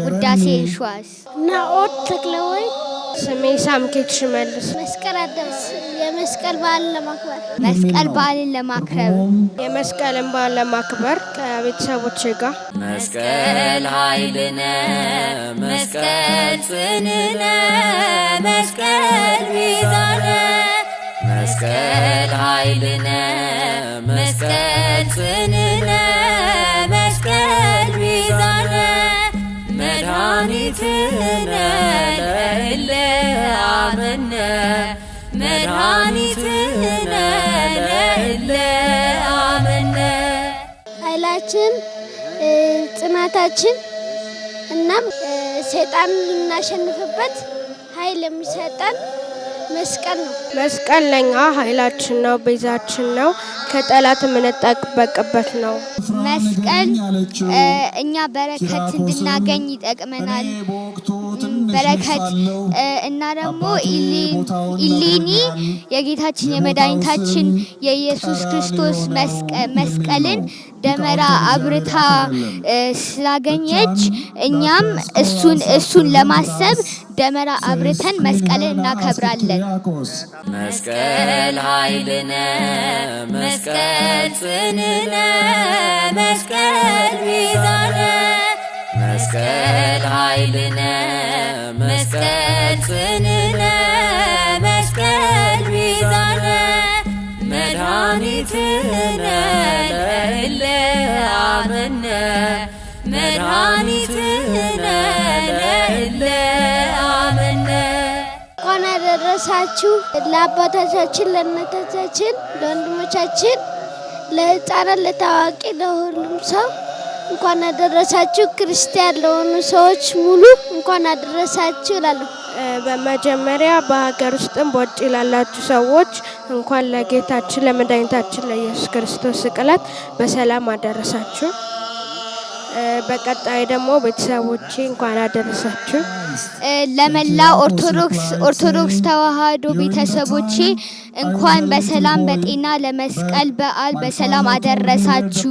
ውዳሴ ሸዋስ ናኦድ ተክለወይ ስሜ ሳምኬት ሽመልስ መስቀል አዳስ የመስቀል በዓል ለማክበር መስቀል በዓልን ለማክበር የመስቀልን በዓል ለማክበር ከቤተሰቦች ጋር መስቀል ኃይልነ መስቀል ጽንዕነ መስቀል ቤዛነ መስቀል ኃይልነ መስቀል ጽንዕነ መድኃኒትነ ለአመነ መድኃኒትነ ለአመነ ኃይላችን ጽናታችን እናም ሰይጣን ልናሸንፍበት ኃይል የሚሰጠን መስቀል ነው። መስቀል ለኛ ኃይላችን ነው፣ ቤዛችን ነው፣ ከጠላት የምንጠበቅበት ነው። መስቀል እኛ በረከት እንድናገኝ ይጠቅመናል። በረከት እና ደግሞ ኢሌኒ የጌታችን የመድኃኒታችን የኢየሱስ ክርስቶስ መስቀልን ደመራ አብርታ ስላገኘች እኛም እሱን እሱን ለማሰብ ደመራ አብርተን መስቀልን እናከብራለን። መስቀል ኃይልነ መስቀል ጽንዕነ መስቀል ቤዛነ መስቀል ኃይልነ መስቀል መስቀል ቤዛነ መድኃኒትነ ለእለ አመነ መድኃኒትነ ለእለ አመነ። እንኳን አደረሳችሁ ለአባቶቻችን፣ ለእናቶቻችን፣ ለወንድሞቻችን፣ ለህፃናት፣ ለታዋቂ፣ ለሁሉም ሰው እንኳን አደረሳችሁ። ክርስቲያን ለሆኑ ሰዎች ሙሉ እንኳን አደረሳችሁ እላለሁ። በመጀመሪያ በሀገር ውስጥም በውጭ ላላችሁ ሰዎች እንኳን ለጌታችን ለመድኃኒታችን ለኢየሱስ ክርስቶስ ስቅለት በሰላም አደረሳችሁ። በቀጣይ ደግሞ ቤተሰቦቼ እንኳን አደረሳችሁ። ለመላ ኦርቶዶክስ ኦርቶዶክስ ተዋህዶ ቤተሰቦቼ እንኳን በሰላም በጤና ለመስቀል በዓል በሰላም አደረሳችሁ።